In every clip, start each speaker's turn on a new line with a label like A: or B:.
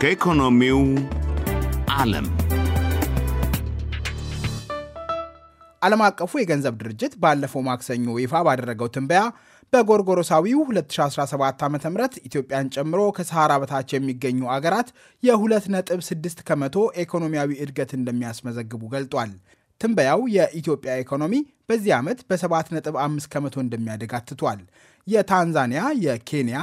A: ከኢኮኖሚው ዓለም ዓለም አቀፉ የገንዘብ ድርጅት ባለፈው ማክሰኞ ይፋ ባደረገው ትንበያ በጎርጎሮሳዊው 2017 ዓ ም ኢትዮጵያን ጨምሮ ከሰሃራ በታች የሚገኙ አገራት የ2.6 ከመቶ ኢኮኖሚያዊ እድገት እንደሚያስመዘግቡ ገልጧል። ትንበያው የኢትዮጵያ ኢኮኖሚ በዚህ ዓመት በ7.5 ከመቶ እንደሚያደግ አትቷል። የታንዛኒያ፣ የኬንያ፣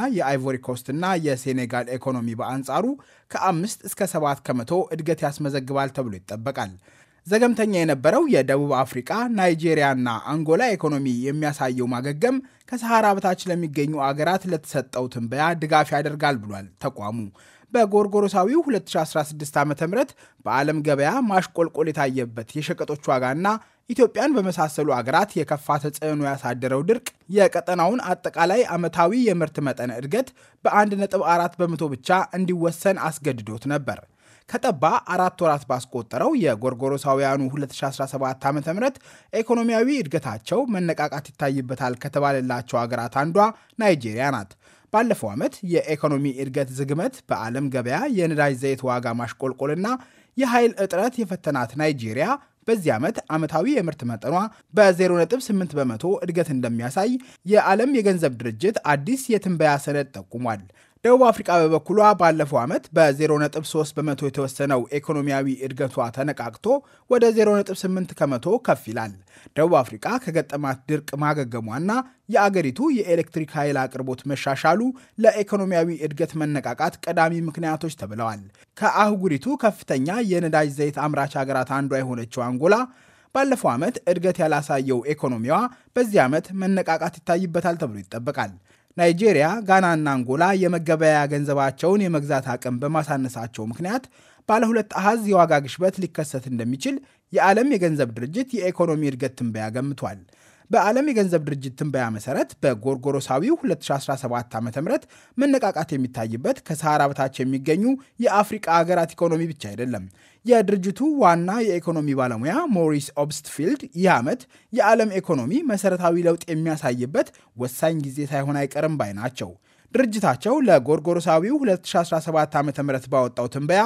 A: ኮስት እና የሴኔጋል ኢኮኖሚ በአንጻሩ ከአምስት እስከ ሰባት ከመቶ እድገት ያስመዘግባል ተብሎ ይጠበቃል። ዘገምተኛ የነበረው የደቡብ አፍሪቃ፣ ናይጄሪያና አንጎላ ኢኮኖሚ የሚያሳየው ማገገም ከሰሃራ በታች ለሚገኙ አገራት ለተሰጠው ትንበያ ድጋፍ ያደርጋል ብሏል ተቋሙ። በጎርጎሮሳዊው 2016 ዓ ም በዓለም ገበያ ማሽቆልቆል የታየበት የሸቀጦች ዋጋና ኢትዮጵያን በመሳሰሉ አገራት የከፋ ተጽዕኖ ያሳደረው ድርቅ የቀጠናውን አጠቃላይ ዓመታዊ የምርት መጠን እድገት በ1.4 በመቶ ብቻ እንዲወሰን አስገድዶት ነበር። ከጠባ አራት ወራት ባስቆጠረው የጎርጎሮሳውያኑ 2017 ዓ ም ኢኮኖሚያዊ እድገታቸው መነቃቃት ይታይበታል ከተባለላቸው ሀገራት አንዷ ናይጄሪያ ናት። ባለፈው ዓመት የኢኮኖሚ እድገት ዝግመት፣ በዓለም ገበያ የነዳጅ ዘይት ዋጋ ማሽቆልቆልና የኃይል እጥረት የፈተናት ናይጄሪያ በዚህ ዓመት ዓመታዊ የምርት መጠኗ በ0.8 በመቶ እድገት እንደሚያሳይ የዓለም የገንዘብ ድርጅት አዲስ የትንበያ ሰነድ ጠቁሟል። ደቡብ አፍሪካ በበኩሏ ባለፈው ዓመት በ0.3 በመቶ የተወሰነው ኢኮኖሚያዊ እድገቷ ተነቃቅቶ ወደ 0.8 ከመቶ ከፍ ይላል። ደቡብ አፍሪካ ከገጠማት ድርቅ ማገገሟና የአገሪቱ የኤሌክትሪክ ኃይል አቅርቦት መሻሻሉ ለኢኮኖሚያዊ እድገት መነቃቃት ቀዳሚ ምክንያቶች ተብለዋል። ከአህጉሪቱ ከፍተኛ የነዳጅ ዘይት አምራች ሀገራት አንዷ የሆነችው አንጎላ ባለፈው ዓመት እድገት ያላሳየው ኢኮኖሚዋ በዚህ ዓመት መነቃቃት ይታይበታል ተብሎ ይጠበቃል። ናይጄሪያ፣ ጋናና አንጎላ የመገበያያ ገንዘባቸውን የመግዛት አቅም በማሳነሳቸው ምክንያት ባለ ሁለት አሃዝ የዋጋ ግሽበት ሊከሰት እንደሚችል የዓለም የገንዘብ ድርጅት የኢኮኖሚ እድገት ትንበያ ገምቷል። በዓለም የገንዘብ ድርጅት ትንበያ መሰረት በጎርጎሮሳዊው 2017 ዓ ም መነቃቃት የሚታይበት ከሰሃራ በታች የሚገኙ የአፍሪቃ ሀገራት ኢኮኖሚ ብቻ አይደለም። የድርጅቱ ዋና የኢኮኖሚ ባለሙያ ሞሪስ ኦብስትፊልድ ይህ ዓመት የዓለም ኢኮኖሚ መሰረታዊ ለውጥ የሚያሳይበት ወሳኝ ጊዜ ሳይሆን አይቀርም ባይ ናቸው። ድርጅታቸው ለጎርጎሮሳዊው 2017 ዓ ም ባወጣው ትንበያ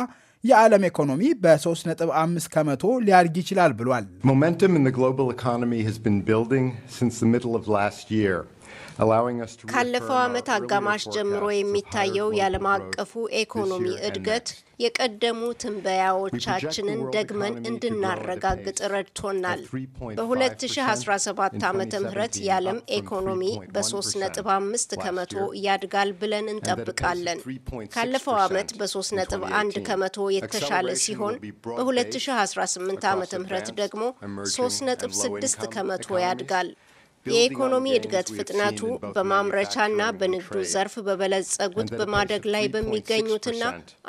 A: የዓለም ኢኮኖሚ በ3.5 ከመቶ ሊያድግ ይችላል ብሏል።
B: ካለፈው ዓመት
C: አጋማሽ ጀምሮ የሚታየው የዓለም አቀፉ ኢኮኖሚ እድገት የቀደሙ ትንበያዎቻችንን ደግመን እንድናረጋግጥ ረድቶናል። በ2017 ዓ ም የዓለም ኢኮኖሚ በ3.5 ከመቶ ያድጋል ብለን እንጠብቃለን። ካለፈው ዓመት በ3.1 ከመቶ የተሻለ ሲሆን በ2018 ዓ ም ደግሞ 3.6 ከመቶ ያድጋል። የኢኮኖሚ እድገት ፍጥነቱ በማምረቻና በንግዱ ዘርፍ በበለጸጉት በማደግ ላይ በሚገኙትና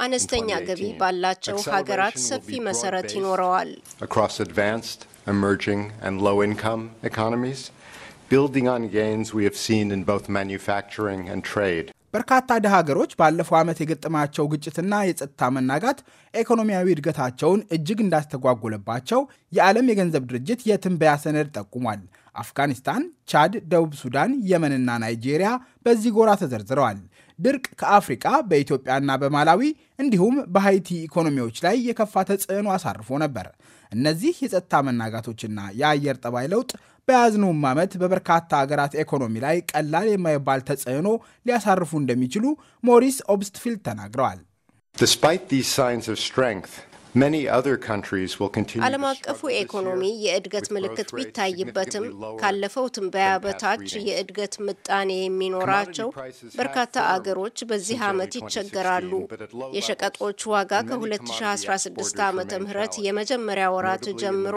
C: አነስተኛ ገቢ ባላቸው ሀገራት ሰፊ መሰረት ይኖረዋል።
A: በርካታ ድሃ ሀገሮች ባለፈው ዓመት የገጠማቸው ግጭትና የጸጥታ መናጋት ኢኮኖሚያዊ እድገታቸውን እጅግ እንዳስተጓጎለባቸው የዓለም የገንዘብ ድርጅት የትንበያ ሰነድ ጠቁሟል። አፍጋኒስታን፣ ቻድ፣ ደቡብ ሱዳን፣ የመንና ናይጄሪያ በዚህ ጎራ ተዘርዝረዋል። ድርቅ ከአፍሪቃ በኢትዮጵያና በማላዊ እንዲሁም በሃይቲ ኢኮኖሚዎች ላይ የከፋ ተጽዕኖ አሳርፎ ነበር። እነዚህ የጸጥታ መናጋቶችና የአየር ጠባይ ለውጥ በያዝነውም ዓመት በበርካታ አገራት ኢኮኖሚ ላይ ቀላል የማይባል ተጽዕኖ ሊያሳርፉ እንደሚችሉ ሞሪስ ኦብስትፊልድ ተናግረዋል።
B: ዓለም
C: አቀፉ ኢኮኖሚ የእድገት ምልክት ቢታይበትም ካለፈው ትንበያ በታች የእድገት ምጣኔ የሚኖራቸው በርካታ አገሮች በዚህ ዓመት ይቸገራሉ። የሸቀጦች ዋጋ ከ2016 ዓ ም የመጀመሪያ ወራት ጀምሮ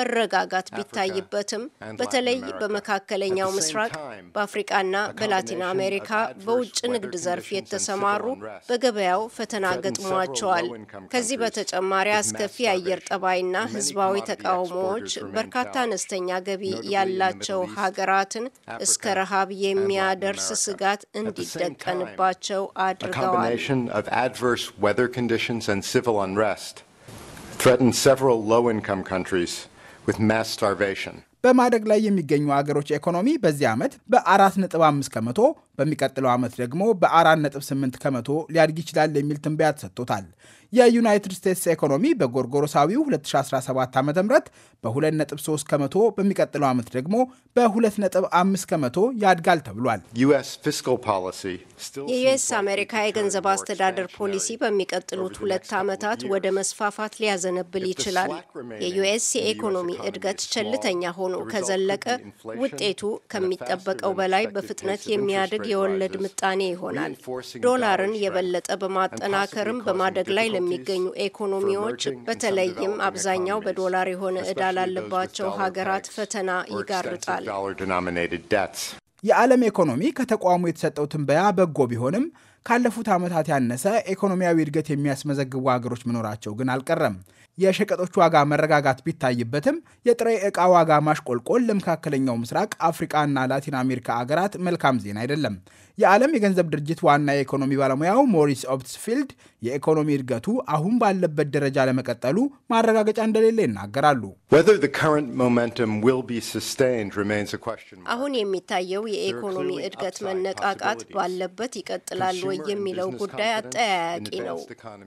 C: መረጋጋት ቢታይበትም በተለይ በመካከለኛው ምስራቅ፣ በአፍሪቃና በላቲን አሜሪካ በውጭ ንግድ ዘርፍ የተሰማሩ በገበያው ፈተና ገጥሟቸዋል። ከዚህ በተጨማ በተጨማሪ አስከፊ አየር ጠባይና ህዝባዊ ተቃውሞዎች በርካታ አነስተኛ ገቢ ያላቸው ሀገራትን እስከ ረሃብ የሚያደርስ ስጋት እንዲደቀንባቸው አድርገዋል።
A: በማደግ ላይ የሚገኙ አገሮች ኢኮኖሚ በዚህ ዓመት በ4.5 ከመቶ በሚቀጥለው ዓመት ደግሞ በ4.8 ከመቶ ሊያድግ ይችላል የሚል ትንበያ ተሰጥቶታል። የዩናይትድ ስቴትስ ኢኮኖሚ በጎርጎሮሳዊው 2017 ዓ ም በ2.3 ከመቶ በሚቀጥለው ዓመት ደግሞ በ2.5 ከመቶ ያድጋል ተብሏል።
C: የዩኤስ አሜሪካ የገንዘብ አስተዳደር ፖሊሲ በሚቀጥሉት ሁለት ዓመታት ወደ መስፋፋት ሊያዘነብል ይችላል። የዩኤስ የኢኮኖሚ እድገት ቸልተኛ ሆኖ ከዘለቀ ውጤቱ ከሚጠበቀው በላይ በፍጥነት የሚያድግ የወለድ ምጣኔ ይሆናል። ዶላርን የበለጠ በማጠናከርም በማደግ ላይ ለሚገኙ ኢኮኖሚዎች በተለይም አብዛኛው በዶላር የሆነ ዕዳ ላለባቸው ሀገራት ፈተና ይጋርጣል።
A: የዓለም ኢኮኖሚ ከተቋሙ የተሰጠው ትንበያ በጎ ቢሆንም ካለፉት ዓመታት ያነሰ ኢኮኖሚያዊ እድገት የሚያስመዘግቡ ሀገሮች መኖራቸው ግን አልቀረም። የሸቀጦች ዋጋ መረጋጋት ቢታይበትም የጥሬ ዕቃ ዋጋ ማሽቆልቆል ለመካከለኛው ምስራቅ አፍሪቃና ላቲን አሜሪካ አገራት መልካም ዜና አይደለም። የዓለም የገንዘብ ድርጅት ዋና የኢኮኖሚ ባለሙያው ሞሪስ ኦፕትስፊልድ የኢኮኖሚ እድገቱ አሁን ባለበት ደረጃ ለመቀጠሉ ማረጋገጫ እንደሌለ ይናገራሉ።
C: አሁን የሚታየው የኢኮኖሚ እድገት መነቃቃት ባለበት ይቀጥላል የሚለው ጉዳይ አጠያያቂ ነው።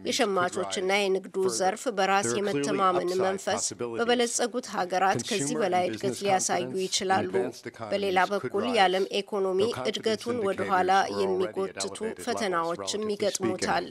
B: የሸማቾችና
C: የንግዱ ዘርፍ በራስ የመተማመን መንፈስ በበለጸጉት ሀገራት ከዚህ በላይ እድገት ሊያሳዩ ይችላሉ። በሌላ በኩል የዓለም ኢኮኖሚ እድገቱን ወደኋላ የሚጎትቱ ፈተናዎችም ይገጥሙታል።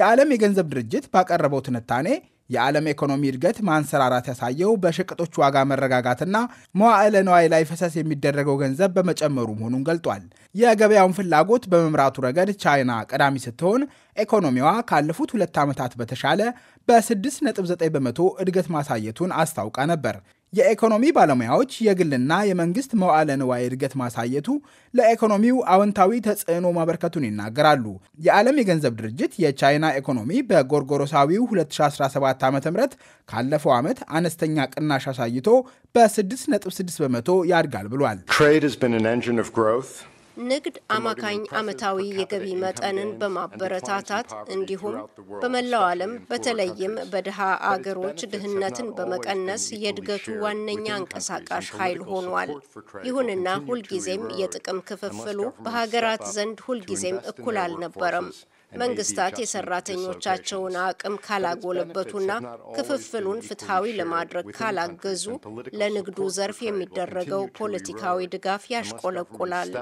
A: የዓለም የገንዘብ ድርጅት ባቀረበው ትንታኔ የዓለም ኢኮኖሚ እድገት ማንሰራራት ያሳየው በሸቀጦች ዋጋ መረጋጋትና መዋዕለ ነዋይ ላይ ፈሰስ የሚደረገው ገንዘብ በመጨመሩ መሆኑን ገልጧል። የገበያውን ፍላጎት በመምራቱ ረገድ ቻይና ቀዳሚ ስትሆን ኢኮኖሚዋ ካለፉት ሁለት ዓመታት በተሻለ በ6.9 በመቶ እድገት ማሳየቱን አስታውቃ ነበር። የኢኮኖሚ ባለሙያዎች የግልና የመንግስት መዋዕለ ንዋይ እድገት ማሳየቱ ለኢኮኖሚው አዎንታዊ ተጽዕኖ ማበርከቱን ይናገራሉ። የዓለም የገንዘብ ድርጅት የቻይና ኢኮኖሚ በጎርጎሮሳዊው 2017 ዓ ም ካለፈው ዓመት አነስተኛ ቅናሽ አሳይቶ በ6.6 በመቶ ያድጋል ብሏል።
C: ንግድ አማካኝ አመታዊ የገቢ መጠንን በማበረታታት እንዲሁም በመላው ዓለም በተለይም በድሃ አገሮች ድህነትን በመቀነስ የእድገቱ ዋነኛ አንቀሳቃሽ ኃይል ሆኗል። ይሁንና ሁልጊዜም የጥቅም ክፍፍሉ በሀገራት ዘንድ ሁልጊዜም እኩል አልነበረም። መንግስታት የሰራተኞቻቸውን አቅም ካላጎለበቱና ክፍፍሉን ፍትሐዊ ለማድረግ ካላገዙ ለንግዱ ዘርፍ የሚደረገው ፖለቲካዊ ድጋፍ ያሽቆለቁላል።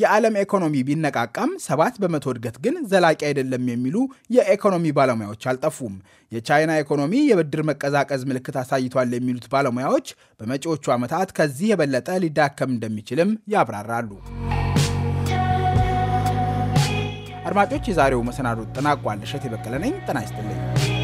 A: የዓለም ኢኮኖሚ ቢነቃቃም ሰባት በመቶ እድገት ግን ዘላቂ አይደለም የሚሉ የኢኮኖሚ ባለሙያዎች አልጠፉም። የቻይና ኢኮኖሚ የብድር መቀዛቀዝ ምልክት አሳይቷል የሚሉት ባለሙያዎች በመጪዎቹ ዓመታት ከዚህ የበለጠ ሊዳከም እንደሚችልም ያብራራሉ። አድማጮች፣ የዛሬው መሰናዶ ተጠናቋል። እሸት የበቀለ ነኝ። ጤና ይስጥልኝ።